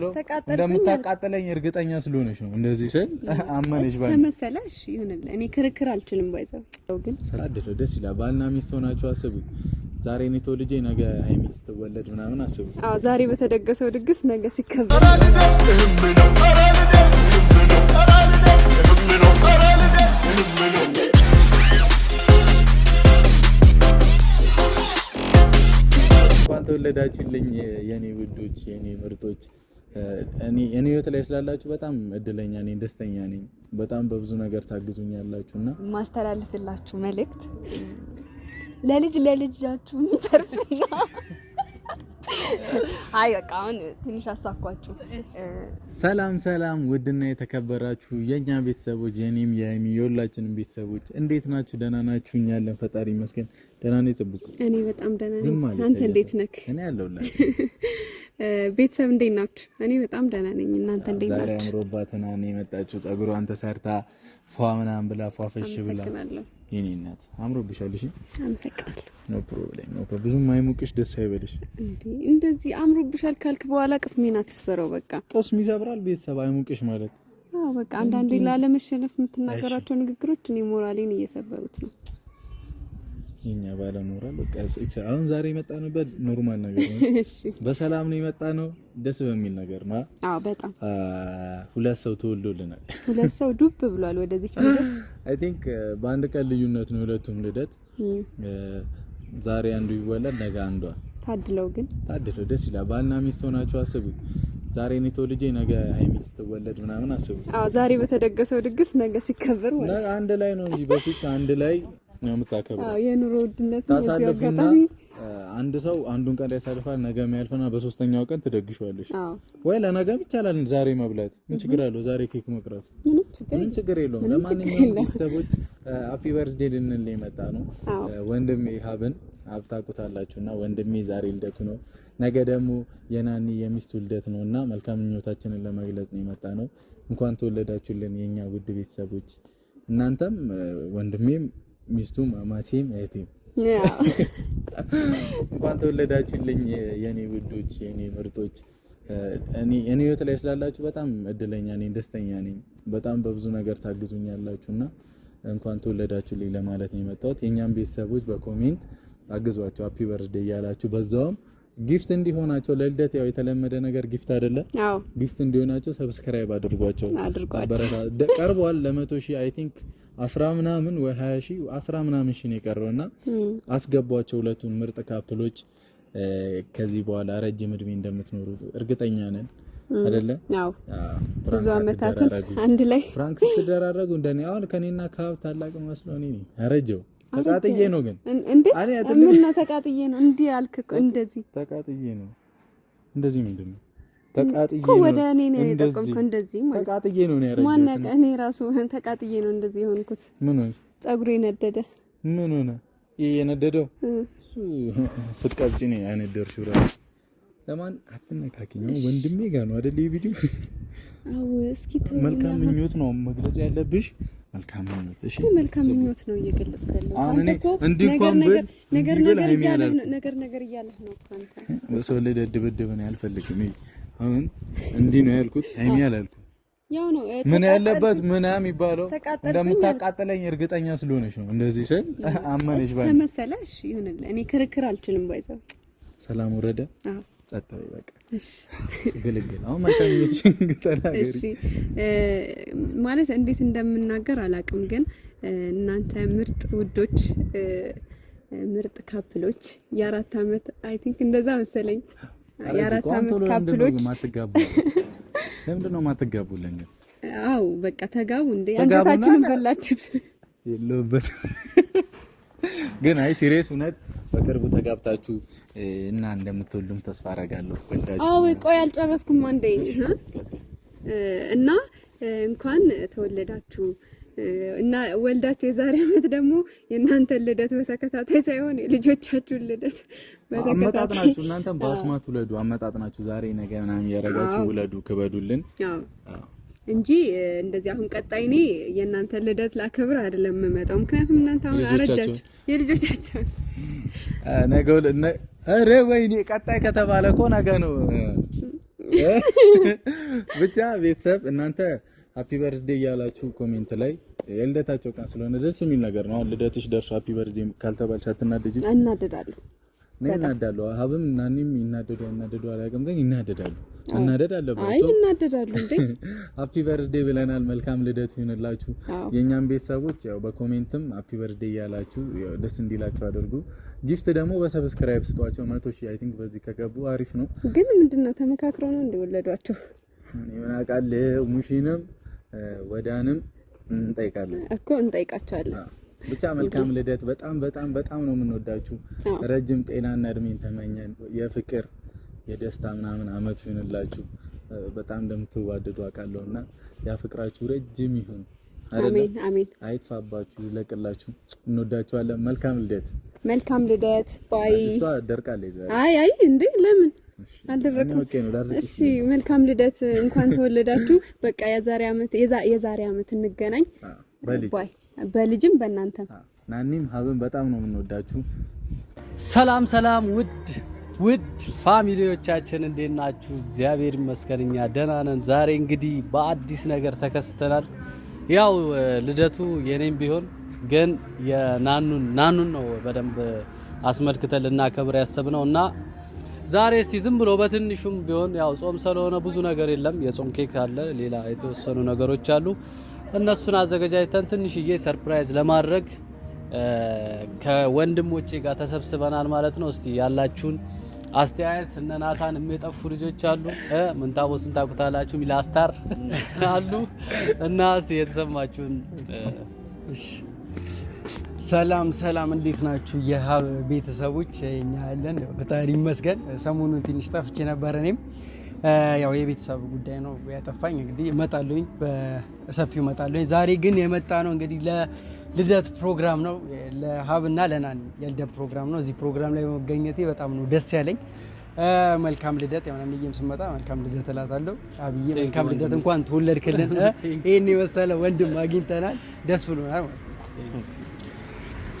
እንደምታቃጥለኝ እርግጠኛ ስለሆነች ነው እንደዚህ ስል አመነች ባል ከመሰለ እሺ እኔ ክርክር አልችልም። ባይዘው ግን ሰላደለ ደስ ይላል። ባልና ሚስት ሆናችሁ አስቡ። ዛሬ እኔ ተወልጄ ነገ ሀይሚ ስትወለድ ምናምን አስቡ። አዎ ዛሬ በተደገሰው ድግስ ነገ ሲከበር ተወለዳችሁልኝ የኔ ውዶች የኔ ምርጦች። እኔ ህይወት ላይ ስላላችሁ በጣም እድለኛ ነኝ፣ ደስተኛ ነኝ። በጣም በብዙ ነገር ታግዙኛላችሁ እና ማስተላልፍላችሁ መልእክት ለልጅ ለልጃችሁ የሚተርፍና አይ በቃ አሁን ትንሽ አሳኳችሁ። ሰላም ሰላም፣ ውድና የተከበራችሁ የእኛ ቤተሰቦች የኔም የሚ የሁላችንም ቤተሰቦች እንዴት ናችሁ? ደህና ናችሁ? እኛ ያለን ፈጣሪ ይመስገን ደህና ነው። ጽቡቅ እኔ በጣም ደህና ነኝ። አንተ እንዴት ነክ? እኔ አለሁላችሁ ቤተሰብ እንዴት ናችሁ? እኔ በጣም ደህና ነኝ። እናንተ እንዴት ናችሁ? ዛሬ አምሮባት ነው የመጣችሁ። ጸጉሯን ተሰርታ ፏ ምናምን ብላ ፏፈሽ ብላ የኔ እናት አምሮብሻል። እሺ፣ አመሰግናለሁ። ኖ ፕሮብሌም ኖ ፕሮብሌም። ብዙም አይሙቅሽ፣ ደስ አይበልሽ። እንደዚህ አምሮብሻል ካልክ በኋላ ቅስሜን አትስበረው። በቃ ቅስም ይሰብራል። ቤተሰብ አይሞቅሽ ማለት አዎ፣ በቃ አንዳንዴ ላለመሸነፍ የምትናገራቸው ንግግሮች እኔ ሞራሌን እየሰበሩት ነው። እኛ ባለሞራል በቃ አሁን ዛሬ የመጣንበት ኖርማል ነገር ነው። በሰላም ነው የመጣ ነው፣ ደስ በሚል ነገር ማ አዎ፣ በጣም ሁለት ሰው ተወልዶልናል። ሁለት ሰው ዱብ ብሏል ወደዚህ ምድር። አይ ቲንክ በአንድ ቀን ልዩነት ነው ሁለቱም ልደት። ዛሬ አንዱ ይወለድ፣ ነገ አንዷ። ታድለው ግን ታድለው ደስ ይላል። ባልና ሚስት ሆናችሁ አስቡ። ዛሬ እኔ ተወልጄ ነገ ሀይሚ ስትወለድ ምናምን አስቡ። አዎ ዛሬ በተደገሰው ድግስ ነገ ሲከበር ማለት አንድ ላይ ነው እንጂ በፊት አንድ ላይ ነው የምታከብረው። የኑሮ ውድነት አጋጣሚ አንድ ሰው አንዱን ቀን ያሳልፋል፣ ነገ ያልፈና በሶስተኛው ቀን ትደግሸዋለሽ ወይ ለነገም ይቻላል። ዛሬ መብላት ምን ችግር አለው? ዛሬ ኬክ መቅረጽ ምንም ችግር የለውም። ለማንኛውም ቤተሰቦች ሃፒ በርዝዴ ልንል የመጣ ነው። ወንድሜ ሀብን አብታቁታላችሁ እና ወንድሜ ዛሬ ልደቱ ነው። ነገ ደግሞ የናኒ የሚስቱ ልደት ነው እና መልካም ምኞታችንን ለመግለጽ ነው የመጣ ነው። እንኳን ተወለዳችሁልን የኛ ውድ ቤተሰቦች እናንተም ወንድሜም ሚስቱ አማቴም እህቴም እንኳን ተወለዳችሁልኝ የኔ ውዶች፣ የኔ ምርጦች። እኔ ህይወት ላይ ስላላችሁ በጣም እድለኛ ነኝ፣ ደስተኛ ነኝ። በጣም በብዙ ነገር ታግዙኛላችሁና እንኳን ተወለዳችሁልኝ ለማለት ነው የመጣሁት። የኛም ቤተሰቦች በኮሜንት አግዟቸው፣ ሃፒ በርዝዴ እያላችሁ በዛውም ጊፍት እንዲሆናቸው ለልደት ያው የተለመደ ነገር ጊፍት አይደለ? አዎ ጊፍት እንዲሆናቸው ሰብስክራይብ አድርጓቸው አድርጓቸው። ቀርቧል ለመቶ ሺህ አይ ቲንክ አስራ ምናምን ወይ ሀያ ሺህ አስራ ምናምን ሺህ ነው የቀረው እና አስገቧቸው ሁለቱን ምርጥ ካፕሎች። ከዚህ በኋላ ረጅም እድሜ እንደምትኖሩ እርግጠኛ ነን አይደለ? ብዙ አመታትን አንድ ላይ ፍራንክ ስትደራረጉ እንደኔ አሁን ከኔና ከሀብ ታላቅ መስሎ እኔ ነኝ ተቃጥዬ ነው ግን እንዴ! ምን ነው ተቃጥዬ ነው እንዲህ ያልክ? እንደዚህ ተቃጥዬ ነው እንደዚህ ምንድን ነው ተቃጥዬ ነው ወደ እኔ ነው የጠቆምኩ እንደዚህ ማለት ተቃጥዬ ነው ነው ማን ነው እኔ ራሱ ተቃጥዬ ነው እንደዚህ የሆንኩት። ምን ነው ጸጉሬ ነደደ። ምን ሆነ? ይሄ የነደደው እሱ ስትቀብጪ ነው ያነደርሽ። ራሱ ለማን አትነካኪኝ። ወንድሜ ጋር ነው አይደል? ይሄ ቪዲዮ አዎ። እስኪ መልካም ምኞት ነው መግለጽ ያለብሽ መልካም ምኞት እሺ፣ መልካም ምኞት ነው እየገለጽኩ ያለው። አሁን ነገር ነገር እያለህ ነው አልፈልግም። አሁን እንዲህ ነው ያልኩት፣ ሃይሚ አላልኩም። ያው ነው ምን ያለበት ምና የሚባለው እንደምታቃጥለኝ እርግጠኛ ስለሆነች ነው እንደዚህ ስል አመነች ባለ ከመሰለሽ ይሁንልህ። እኔ ክርክር አልችልም። ባይዘው ሰላም ወረደ። አዎ ጸጥ በይ በቃ ግልግል። አሁን ማለት እንዴት እንደምናገር አላቅም፣ ግን እናንተ ምርጥ ውዶች፣ ምርጥ ካፕሎች የአራት አመት አይ ቲንክ እንደዛ መሰለኝ የአራት አመት ካፕሎች ማትጋቡ ለምንድን ነው የማትጋቡልን? አው በቃ ተጋቡ እንዴ! አንጀታችሁን በላችሁት የለበት ግን አይ ሲሪየስ እውነት በቅርቡ ተጋብታችሁ እና እንደምትወልዱም ተስፋ አደርጋለሁ። ወዳጅ አዎ፣ ቆይ አልጨረስኩም። አንዴ እና እንኳን ተወለዳችሁ እና ወልዳችሁ የዛሬ ዓመት ደግሞ የእናንተ ልደት በተከታታይ ሳይሆን የልጆቻችሁን ልደት አመጣጥናችሁ እናንተም በአስማት ውለዱ። አመጣጥናችሁ ዛሬ ነገ ምናምን ያደረጋችሁ ውለዱ፣ ክበዱልን። እንጂ እንደዚህ አሁን ቀጣይ እኔ የእናንተ ልደት ላከብር አይደለም የምመጣው። ምክንያቱም እናንተ አሁን አረጃችሁ የልጆቻቸው ነገ ኧረ ወይኔ ቀጣይ ከተባለ እኮ ነገ ነው። ብቻ ቤተሰብ እናንተ ሀፒ በርዝዴ እያላችሁ ኮሜንት ላይ የልደታቸው ቀን ስለሆነ ደስ የሚል ነገር ነው። አሁን ልደትሽ ደርሶ ሀፒ በርዝዴ ካልተባልሽ አትናደጂም? እናደዳለሁ ይናዳሉ። ሀብም እና እኔም ይናደዱ ያናደዱ አላውቅም፣ ግን ይናደዳሉ። መናደድ አለባቸው። ይናደዳሉ እንዴ! ሀፒ በርዝዴ ብለናል። መልካም ልደት ይሁንላችሁ። የእኛም ቤተሰቦች ያው በኮሜንትም ሀፒ በርዝዴ እያላችሁ ደስ እንዲላችሁ አድርጉ። ጊፍት ደግሞ በሰብስክራይብ ስጧቸው። መቶ ሺህ አይ ቲንክ በዚህ ከገቡ አሪፍ ነው። ግን ምንድነው ተመካክረው ነው እንደወለዷቸው ምን አውቃለሁ። ሙሽንም ወዳንም እንጠይቃለን እኮ እንጠይቃቸዋለን። ብቻ መልካም ልደት። በጣም በጣም በጣም ነው የምንወዳችሁ። ረጅም ጤናና እድሜን ተመኘን። የፍቅር የደስታ ምናምን አመት ይሁንላችሁ። በጣም እንደምትዋደዱ አውቃለሁ እና ያፍቅራችሁ ረጅም ይሁን። አሜን አሜን። አይጥፋባችሁ፣ ይዝለቅላችሁ። እንወዳችኋለን። መልካም ልደት፣ መልካም ልደት። ባይ እሷ ደርቃለች። አይ አይ እንዴ ለምን አልደረኩም? እሺ መልካም ልደት፣ እንኳን ተወለዳችሁ። በቃ የዛሬ አመት የዛሬ አመት እንገናኝ። ባይ በልጅም በእናንተም ናኒም ሀዘን በጣም ነው የምንወዳችሁ። ሰላም ሰላም፣ ውድ ውድ ፋሚሊዎቻችን እንዴት ናችሁ? እግዚአብሔር ይመስገን እኛ ደህና ነን። ዛሬ እንግዲህ በአዲስ ነገር ተከስተናል። ያው ልደቱ የኔም ቢሆን ግን የናኑን ናኑን ነው በደንብ አስመልክተን ልናከብር ያሰብነው እና ዛሬ እስቲ ዝም ብሎ በትንሹም ቢሆን ያው ጾም ስለሆነ ብዙ ነገር የለም። የጾም ኬክ አለ፣ ሌላ የተወሰኑ ነገሮች አሉ። እነሱን አዘገጃጅተን ትንሽዬ ሰርፕራይዝ ለማድረግ ከወንድሞቼ ጋር ተሰብስበናል ማለት ነው። እስቲ ያላችሁን አስተያየት እነ ናታን የሚጠፉ ልጆች አሉ፣ ምንታቦ ስንታቁታላችሁ ሚላስታር አሉ እና እስቲ የተሰማችሁን። ሰላም ሰላም፣ እንዴት ናችሁ የሀብ ቤተሰቦች? እኛ ያለን ፈጣሪ ይመስገን። ሰሞኑን ትንሽ ጠፍቼ ነበር እኔም ያው የቤተሰብ ጉዳይ ነው ያጠፋኝ። እንግዲህ እመጣለሁኝ፣ በሰፊው እመጣለሁኝ። ዛሬ ግን የመጣ ነው እንግዲህ ለልደት ፕሮግራም ነው፣ ለሀብና ለናን የልደት ፕሮግራም ነው። እዚህ ፕሮግራም ላይ መገኘቴ በጣም ነው ደስ ያለኝ። መልካም ልደት ያው ንዬም ስመጣ መልካም ልደት እላታለሁ። አብዬ መልካም ልደት፣ እንኳን ተወለድክልን። ይህን የመሰለ ወንድም አግኝተናል፣ ደስ ብሎናል ማለት ነው።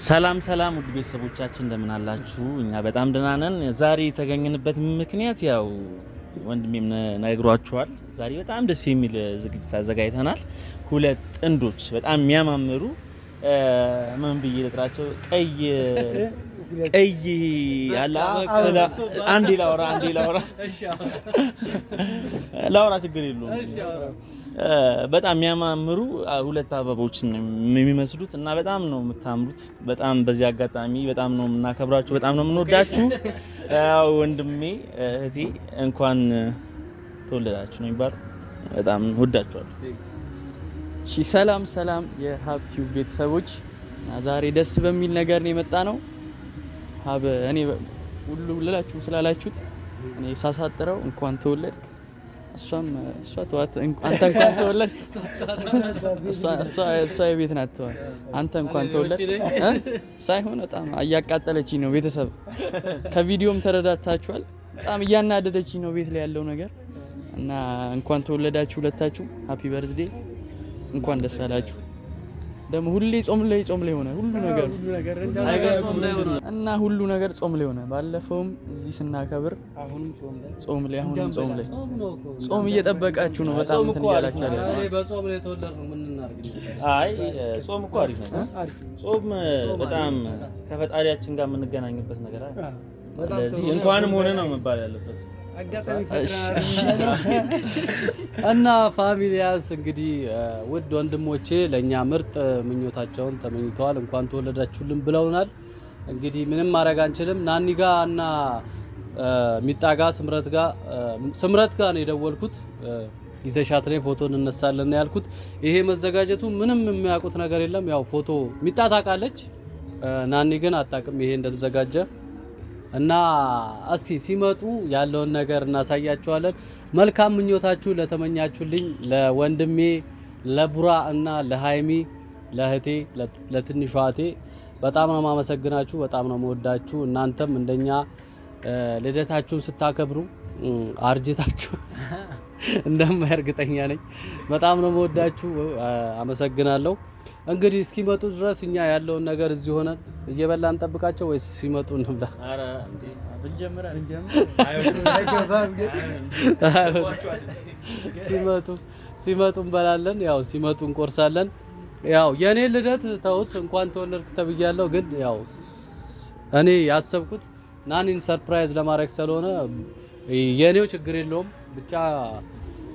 ሰላም ሰላም፣ ውድ ቤተሰቦቻችን እንደምን አላችሁ? እኛ በጣም ደህና ነን። ዛሬ የተገኘንበት ምክንያት ያው ወንድሜም ነግሯችኋል። ዛሬ በጣም ደስ የሚል ዝግጅት አዘጋጅተናል። ሁለት ጥንዶች በጣም የሚያማምሩ ምን ብዬ ልጥራቸው? ቀይ ቀይ አንዴ ላውራ አንዴ ላውራ ላውራ ችግር የለውም። በጣም የሚያማምሩ ሁለት አበቦች የሚመስሉት እና በጣም ነው የምታምሩት። በጣም በዚህ አጋጣሚ በጣም ነው የምናከብራችሁ፣ በጣም ነው የምንወዳችሁ። ወንድሜ እህቴ እንኳን ተወለዳችሁ ነው የሚባለው። በጣም ወዳችኋለሁ። እሺ፣ ሰላም ሰላም የሀብቲው ቤተሰቦች፣ ዛሬ ደስ በሚል ነገር ነው የመጣ ነው። ሀብ እኔ ሁሉ ልላችሁም ስላላችሁት እኔ ሳሳጥረው እንኳን ተወለድክ እሷም እሷ ተዋት። አንተ እንኳን ተወለድ፣ እሷ የቤት ናት ተዋት። አንተ እንኳን ተወለድ ሳይሆን በጣም እያቃጠለችኝ ነው። ቤተሰብ ከቪዲዮም ተረዳታችኋል። በጣም እያናደደችኝ ነው ቤት ላይ ያለው ነገር እና እንኳን ተወለዳችሁ ሁለታችሁ። ሀፒ በርዝዴ፣ እንኳን ደስ አላችሁ። ደግሞ ሁሌ ጾም ላይ ጾም ላይ ሆነ ሁሉ ነገር እና ሁሉ ነገር ጾም ላይ ሆነ። ባለፈውም እዚህ ስናከብር ጾም ላይ አሁንም ጾም ላይ ጾም እየጠበቃችሁ ነው። በጣም እንትን እያላችሁ አለ። አይ ጾም እኮ አሪፍ ነው። ጾም በጣም ከፈጣሪያችን ጋር የምንገናኝበት ነገር። ስለዚህ እንኳንም ሆነ ነው መባል ያለበት። እና ፋሚሊያስ እንግዲህ ውድ ወንድሞቼ ለእኛ ምርጥ ምኞታቸውን ተመኝተዋል። እንኳን ተወለዳችሁልን ብለውናል። እንግዲህ ምንም ማድረግ አንችልም። ጋ እና ጋ ስምረት ጋ ስምረት ጋ ነው የደወልኩት። ይዘሻት ላይ ፎቶ እንነሳለን ያልኩት ይሄ መዘጋጀቱ ምንም የሚያውቁት ነገር የለም። ያው ፎቶ ሚጣ ታውቃለች፣ ናኒ ግን አታውቅም ይሄ እንደተዘጋጀ እና እስቲ ሲመጡ ያለውን ነገር እናሳያችኋለን። መልካም ምኞታችሁ ለተመኛችሁልኝ ለወንድሜ ለቡራ እና ለሀይሚ ለእህቴ ለትንሿ እህቴ በጣም ነው ማመሰግናችሁ። በጣም ነው መወዳችሁ። እናንተም እንደኛ ልደታችሁን ስታከብሩ አርጅታችሁ እንደማይ እርግጠኛ ነኝ። በጣም ነው መወዳችሁ። አመሰግናለሁ። እንግዲህ እስኪመጡ ድረስ እኛ ያለውን ነገር እዚህ ሆነን እየበላ እንጠብቃቸው ወይስ ሲመጡ እንብላ? ሲመጡ ሲመጡ እንበላለን። ያው ሲመጡ እንቆርሳለን። ያው የኔ ልደት ተውት፣ እንኳን ተወለድክ ተብያለሁ። ግን ያው እኔ ያሰብኩት ናኒን ሰርፕራይዝ ለማድረግ ስለሆነ የኔው ችግር የለውም ብቻ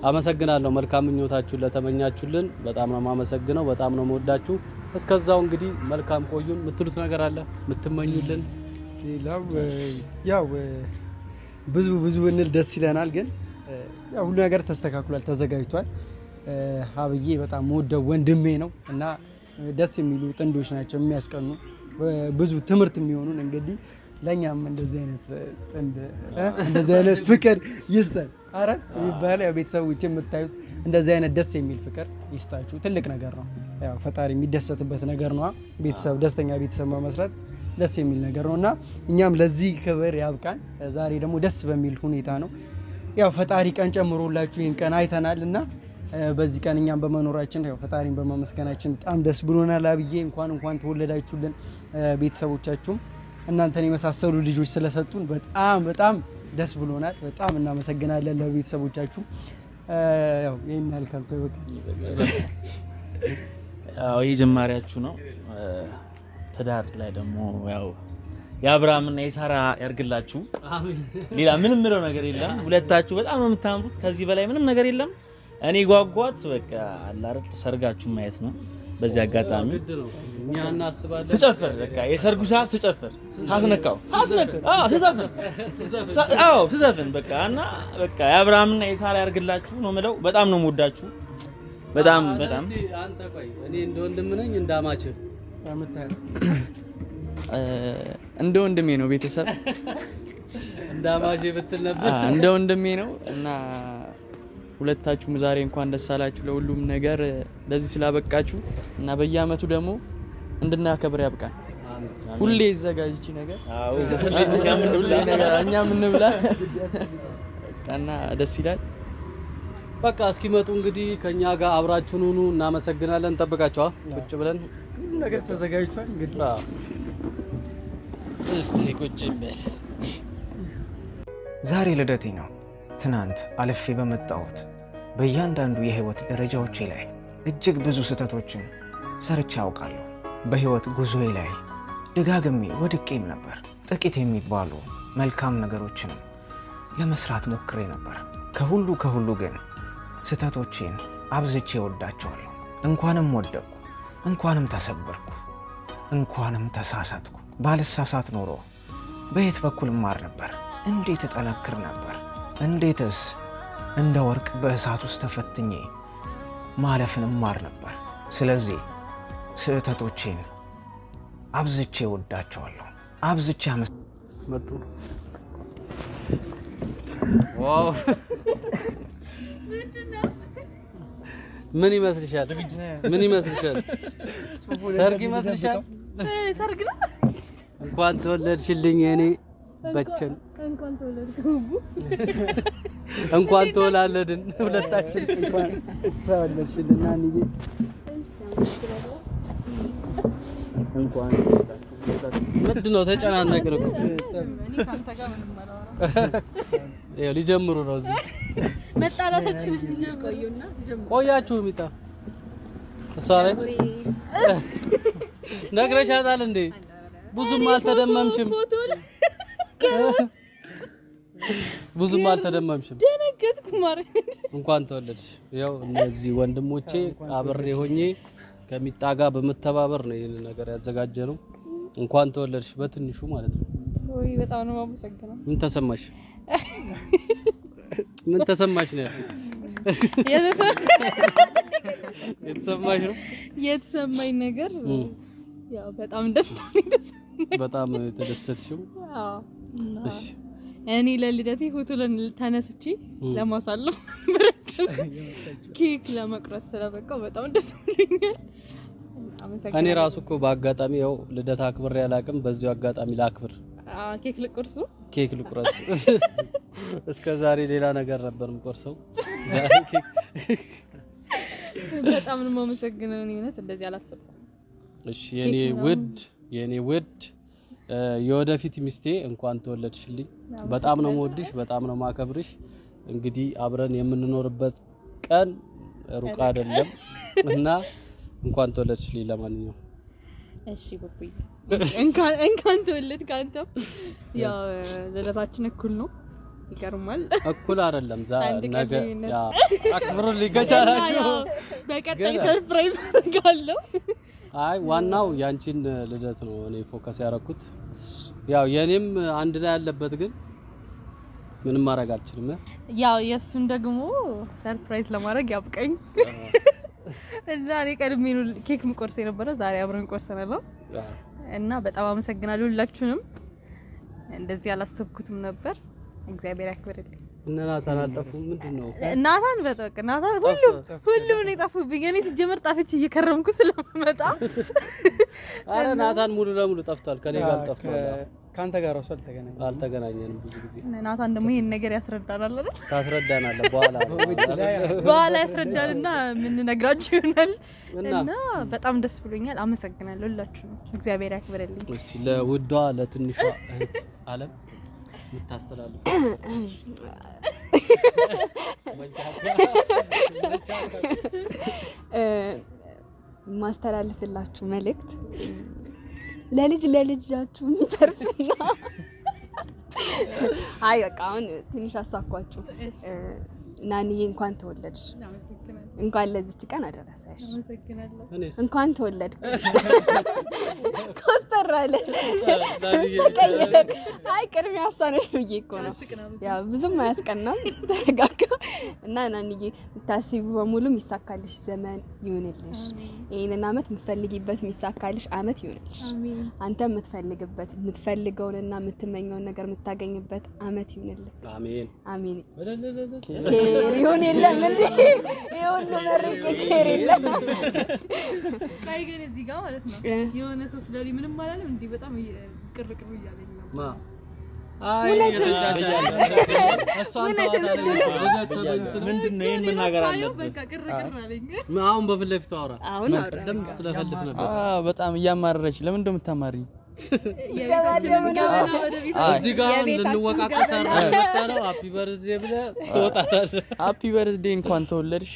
አመሰግናለሁ። መልካም ምኞታችሁን ለተመኛችሁልን በጣም ነው የማመሰግነው። በጣም ነው መወዳችሁ። እስከዛው እንግዲህ መልካም ቆዩን። የምትሉት ነገር አለ የምትመኙልን? ሌላው ያው ብዙ ብዙ ብንል ደስ ይለናል፣ ግን ሁሉ ነገር ተስተካክሏል፣ ተዘጋጅቷል። ሀብዬ በጣም መወደው ወንድሜ ነው እና ደስ የሚሉ ጥንዶች ናቸው የሚያስቀኑ ብዙ ትምህርት የሚሆኑን እንግዲህ ለእኛም እንደዚህ አይነት ጥንድ እንደዚህ አይነት ፍቅር ይስጠን። አረ የሚባል ያው ቤተሰቦች የምታዩት እንደዚህ አይነት ደስ የሚል ፍቅር ይስጣችሁ። ትልቅ ነገር ነው፣ ያው ፈጣሪ የሚደሰትበት ነገር ነው። ቤተሰብ ደስተኛ ቤተሰብ መመስረት ደስ የሚል ነገር ነው እና እኛም ለዚህ ክብር ያብቃን። ዛሬ ደግሞ ደስ በሚል ሁኔታ ነው ያው ፈጣሪ ቀን ጨምሮላችሁ ይህን ቀን አይተናል እና በዚህ ቀን እኛም በመኖራችን ያው ፈጣሪን በማመስገናችን በጣም ደስ ብሎናል። አብዬ እንኳን እንኳን ተወለዳችሁልን ቤተሰቦቻችሁም እናንተን የመሳሰሉ ልጆች ስለሰጡን በጣም በጣም ደስ ብሎናል። በጣም እናመሰግናለን ለቤተሰቦቻችሁ። ይህን ያልካልኩ ያው የጀማሪያችሁ ነው። ትዳር ላይ ደግሞ ያው የአብርሃምና የሳራ ያርግላችሁ። ሌላ ምንም ምለው ነገር የለም። ሁለታችሁ በጣም ነው የምታምሩት። ከዚህ በላይ ምንም ነገር የለም። እኔ ጓጓት በቃ አላረጥ ሰርጋችሁ ማየት ነው። በዚህ አጋጣሚ ስጨፍር በቃ የሰርጉ ሰዓት ስጨፍር ሳስነካው ሳስነካው ስዘፍን ስዘፍን በቃ እና በቃ የአብርሃምና የሳራ ያርግላችሁ ነው የምለው። በጣም ነው የምወዳችሁ። በጣም በጣም አንተ ቆይ እኔ እንደ ወንድም ነኝ እንደ ወንድሜ ነው ቤተሰብ ብትል ነበር እንደ ወንድሜ ነው እና ሁለታችሁም ዛሬ እንኳን ደስ አላችሁ ለሁሉም ነገር ለዚህ ስላበቃችሁ እና በየአመቱ ደግሞ እንድናከብር ያብቃል። ሁሌ ይዘጋጅቺ ነገር እኛ ምንብላ እና ደስ ይላል። በቃ እስኪመጡ እንግዲህ ከኛ ጋር አብራችሁን ሁኑ። እናመሰግናለን። እንጠብቃቸዋ ቁጭ ብለን ነገር ተዘጋጅቷል። እንግዲህ እስቲ ቁጭ ዛሬ ልደቴ ነው። ትናንት አልፌ በመጣሁት በእያንዳንዱ የህይወት ደረጃዎቼ ላይ እጅግ ብዙ ስህተቶችን ሰርቼ አውቃለሁ። በህይወት ጉዞዬ ላይ ደጋግሜ ወድቄም ነበር። ጥቂት የሚባሉ መልካም ነገሮችንም ለመስራት ሞክሬ ነበር። ከሁሉ ከሁሉ ግን ስህተቶቼን አብዝቼ ወዳቸዋለሁ። እንኳንም ወደቅኩ፣ እንኳንም ተሰበርኩ፣ እንኳንም ተሳሳትኩ። ባልሳሳት ኖሮ በየት በኩል ማር ነበር? እንዴት እጠነክር ነበር? እንዴትስ እንደ ወርቅ በእሳት ውስጥ ተፈትኜ ማለፍን ማር ነበር። ስለዚህ ስህተቶቼን አብዝቼ እወዳቸዋለሁ አብዝቼ አመስ ምን ይመስልሻል? ምን ይመስልሻል? ሰርግ ይመስልሻል? ሰርግ ነው። እንኳን ተወለድሽልኝ የኔ በቸን እንኳን ተወላለድን ሁለታችን እንኳን ተወለድሽልና ንዬ እንኳን ምንድን ነው ተጨናነቅን እኮ ሊጀምሩ ነው። እዚህ መጣላታችን ቆያችሁ ሚጣ እሷ ነች ነግረሻታል እንዴ? ብዙም አልተደመምሽም። ብዙም አልተደመምሽም። ደነገጥኩ። ማር እንኳን ተወለድሽ። ያው እነዚህ ወንድሞቼ አብሬ ሆኜ ከሚጣ ጋር በመተባበር ነው ይህን ነገር ያዘጋጀ ነው። እንኳን ተወለድሽ በትንሹ ማለት ነው። ወይ በጣም ነው የማመሰግነው። ምን ተሰማሽ? ምን ተሰማሽ ነው የተሰማሽ ነው የተሰማኝ ነገር ያው በጣም ደስታ ነው የተሰማኝ። በጣም ነው አዎ። እሺ እኔ ለልደቴ ፎቶ ተነስቼ ለማሳለፍ ኬክ ለመቁረስ ስለበቃው በጣም ደስ ብሎኛል። እኔ ራሱ እኮ በአጋጣሚ ያው ልደት አክብሬ አላቅም። በዚሁ አጋጣሚ ላክብር፣ ኬክ ልቁርስ፣ ኬክ ልቁረስ። እስከ ዛሬ ሌላ ነገር ነበር ምቆርሰው። በጣም ነው የማመሰግነው። እኔ እውነት እንደዚህ አላሰብኩም። እሺ የኔ ውድ የኔ ውድ የወደፊት ሚስቴ እንኳን ተወለድሽልኝ። በጣም ነው መወድሽ፣ በጣም ነው ማከብርሽ። እንግዲህ አብረን የምንኖርበት ቀን ሩቅ አይደለም እና እንኳን ተወለድሽልኝ። ለማንኛውም እሺ ጉብይ እንኳን እንኳን ተወለድክ አንተም። ያው ልደታችን እኩል ነው ይቀርማል እኩል አይደለም። ዛ ነገ አክብሩ ሊገቻላችሁ በቀጣይ ሰርፕራይዝ አደርጋለሁ። አይ ዋናው ያንቺን ልደት ነው እኔ ፎከስ ያደረኩት። ያው የኔም አንድ ላይ ያለበት ግን ምንም ማድረግ አልችልም። ያው የእሱን ደግሞ ሰርፕራይዝ ለማድረግ ያብቀኝ እና እኔ ቀድሜ ኬክ ምቆርስ የነበረ ዛሬ አብረን ቆርሰናል። እና በጣም አመሰግናለሁ ሁላችሁንም። እንደዚህ አላሰብኩትም ነበር። እግዚአብሔር ያክብርልኝ። እነ ናታን አጠፉ። ምንድን ነው ናታን? በቃ ናታን ሁሉም ሁሉም ነው የጠፉብኝ። እኔ ሲጀመር ጠፍቼ እየከረምኩ ስለምመጣ፣ አረ ናታን ሙሉ ለሙሉ ጠፍቷል። ከኔ ጋር ጠፍቷል። ከአንተ ጋር እሱ አልተገናኘንም አልተገናኘንም። ብዙ ጊዜ ናታን ደግሞ ይሄን ነገር ያስረዳናል አይደል? ታስረዳናለህ። በኋላ በኋላ ያስረዳልና ምን ነግራችሁ ይሆናል። እና በጣም ደስ ብሎኛል። አመሰግናለሁ ሁላችሁም። እግዚአብሔር ያክብረልኝ። እሺ ለውዷ ለትንሿ እህት አለም ማስተላልፍላችሁ መልእክት ለልጅ ለልጃችሁ የሚተርፍና አይ በቃ አሁን ትንሽ አሳኳችሁ ናንዬ እንኳን ተወለድሽ እንኳን ለዚች ቀን አደረሰሽ፣ እንኳን ተወለድክ። ኮስተር አለ ተቀየረክ። አይ ቅድሚያ ያሳነሽ ብዬ እኮ ነው። ያው ብዙም አያስቀናም። ተረጋጋ እና እናንዬ የምታስቢው በሙሉ የሚሳካልሽ ዘመን ይሁንልሽ። ይህንን አመት የምትፈልጊበት የሚሳካልሽ አመት ይሁንልሽ። አንተ የምትፈልግበት የምትፈልገውንና የምትመኘውን ነገር የምታገኝበት አመት ይሁንልሽ። አሜን አሜን። ይሁን የለም እንዴ ይሁን ሁሉ መርቄ ኬር የለም ላይ ግን እዚህ ጋር ማለት ነው የሆነ ሰው ስለሌ ምንም አላለም። እንዲ በጣም ቅርቅር እያለኝ ነው በጣም እያማረረች ለምን እንደምታማሪ እዚህ ጋር ነው። ሀፒ በርዝዴ ብለህ ትወጣታለህ። ሀፒ በርዝዴ እንኳን ተወለድሽ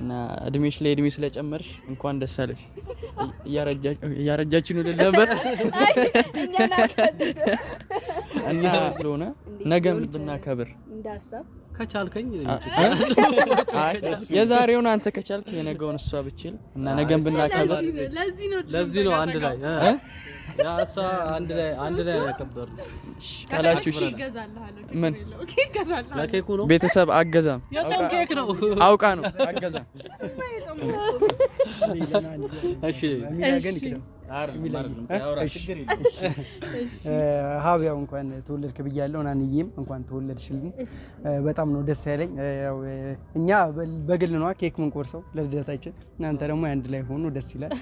እና እድሜሽ ላይ እድሜ ስለጨመርሽ እንኳን ደስ አለሽ። እያረጃችን ልል ነበር እና ስለሆነ ነገም ብናከብር ከቻልከኝ የዛሬውን አንተ ከቻልክ የነገውን እሷ ብችል እና ነገም ብናከብር ለዚህ ነው አንድ ላይ እሷ አንድ አንድ ላይ ካላችሁ ምን ነው ቤተሰብ አገዛም አውቃ ነው አገዛም ሀብ ያው እንኳን ተወለድክ ብያለሁ። ናንዬም እንኳን ተወለድሽልን። በጣም ነው ደስ ያለኝ። እኛ በግል ነዋ ኬክ ምንቆርሰው ለልደታችን፣ እናንተ ደግሞ አንድ ላይ ሆኖ ደስ ይላል።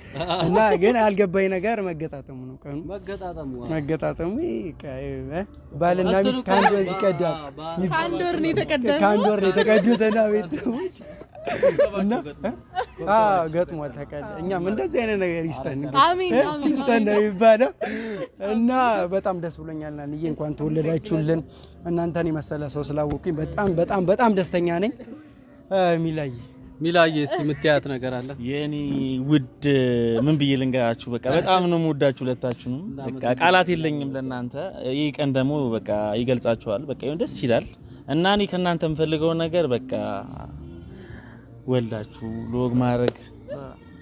እና ግን አልገባኝ ነገር መገጣጠሙ ነው ቀኑ መገጣጠሙ። ባልና ሚስት ከአንድ ወር ይቀዳል። ከአንድ ወር ነው የተቀዱትና ቤተሰቦች ገጥሟል። ተቀል እኛም እንደዚህ አይነት ነገር ይስጠን ይስጠን ነው የሚባለው እና በጣም ደስ ብሎኛል። ናንዬ እንኳን ተወለዳችሁልን። እናንተን የመሰለ ሰው ስላወኩኝ በጣም በጣም በጣም ደስተኛ ነኝ። ሚላዬ ሚላዬ እስቲ የምትያት ነገር አለ? የኔ ውድ ምን ብዬ ልንገራችሁ፣ በቃ በጣም ነው የምወዳችሁ ሁለታችሁንም። በቃ ቃላት የለኝም ለእናንተ። ይህ ቀን ደግሞ በቃ ይገልጻችኋል። በቃ ደስ ይላል እና እኔ ከእናንተ የምፈልገውን ነገር በቃ ወልዳችሁ ሎግ ማድረግ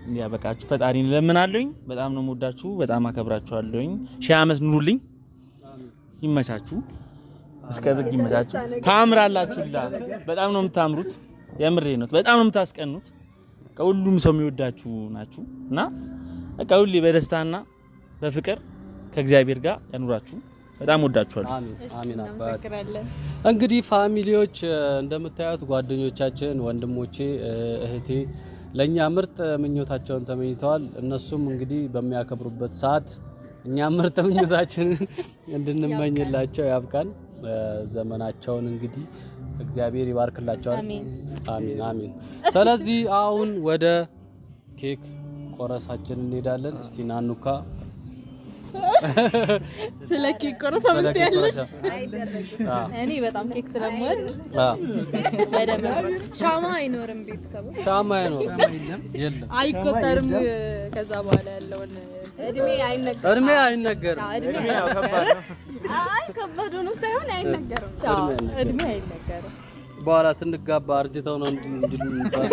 እንዲያበቃችሁ ፈጣሪ ለምናለኝ። በጣም ነው የምወዳችሁ፣ በጣም አከብራችኋለሁኝ። ሺህ ዓመት ኑሩልኝ። ይመቻችሁ፣ እስከ ዝግ ይመቻችሁ። ታምራላችሁላ። በጣም ነው የምታምሩት። የምሬ ነው። በጣም ነው የምታስቀኑት። ከሁሉም ሰው የሚወዳችሁ ናችሁ እና በቃ ሁሌ በደስታና በፍቅር ከእግዚአብሔር ጋር ያኑራችሁ። በጣም ወዳችኋለሁ። አሜን። አባት እንግዲህ ፋሚሊዎች እንደምታዩት ጓደኞቻችን፣ ወንድሞቼ፣ እህቴ ለእኛ ምርጥ ምኞታቸውን ተመኝተዋል። እነሱም እንግዲህ በሚያከብሩበት ሰዓት እኛ ምርጥ ምኞታችንን እንድንመኝላቸው ያብቃን። ዘመናቸውን እንግዲህ እግዚአብሔር ይባርክላቸዋል። አሜን አሜን። ስለዚህ አሁን ወደ ኬክ ቆረሳችን እንሄዳለን። እስቲ ናኑካ ስለ ኬክ ቆረሳ ምን ያለሽ? እኔ በጣም ኬክ ስለምወድ ሻማ አይኖርም፣ ቤተሰቦች ሻማ አይኖርም፣ አይቆጠርም። ከዛ በኋላ ያለውን እድሜ አይነገርም፣ እድሜ አይ ከባድ ሆኖ ሳይሆን አይነገርም፣ እድሜ አይነገርም። በኋላ ስንጋባ አርጅተው ነው እንድንባል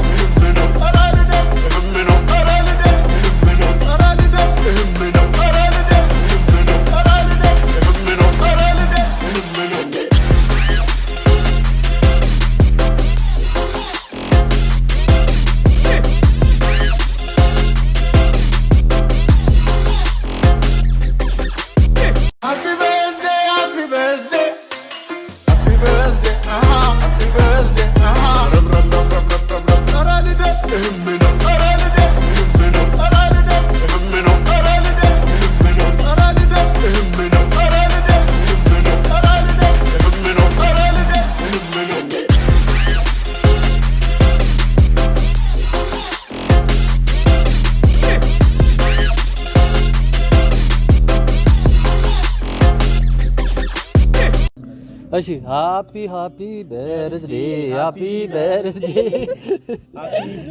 እሺ ሃፒ ሃፒ በርስዴ ሃፒ በርስዴ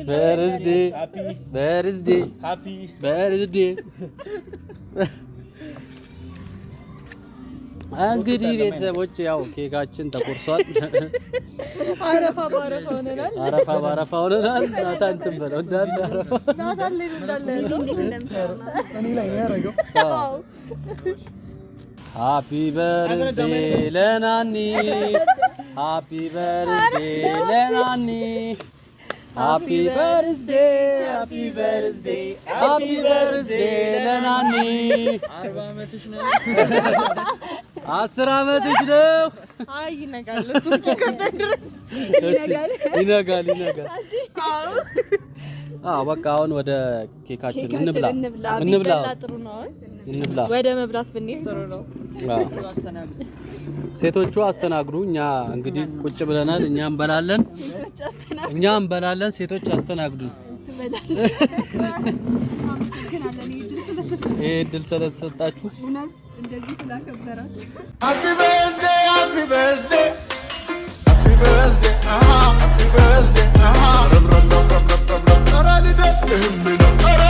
በርስዴ በርስዴ በርስዴ። እንግዲህ ቤተሰቦች ያው ኬካችን ተቆርሷል። አረፋ ባረፋ ሆነናል። አረፋ ባረፋ ሆነናል። ናታን እንትን በለው እንዳለ አረፋ ናታን ላይ እንዳለ እኔ ላይ ያረገው ሃፒ በርዝዴ ለናኒ ሃፒ በርዝዴ ለናኒ ሃፒ በርዝዴ ሃፒ በርዝዴ ሃፒ በርዝዴ ለናኒ አርባ ዓመትሽ ነው። አስር አመትሽ ነው። አይ ይነጋል፣ ይነጋል፣ ይነጋል። አዎ በቃ አሁን ወደ ኬካችን እንብላ፣ እንብላ፣ እንብላ። ወደ መብላት ብንሄድ ጥሩ ነው። ሴቶቹ አስተናግዱ። እኛ እንግዲህ ቁጭ ብለናል። እኛ እንበላለን፣ እኛ እንበላለን። ሴቶች አስተናግዱ። ይሄ እድል ስለተሰጣችሁ Happy birthday, happy birthday. Happy birthday, aha, happy birthday, aha.